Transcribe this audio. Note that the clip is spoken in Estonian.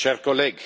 head kolleegid!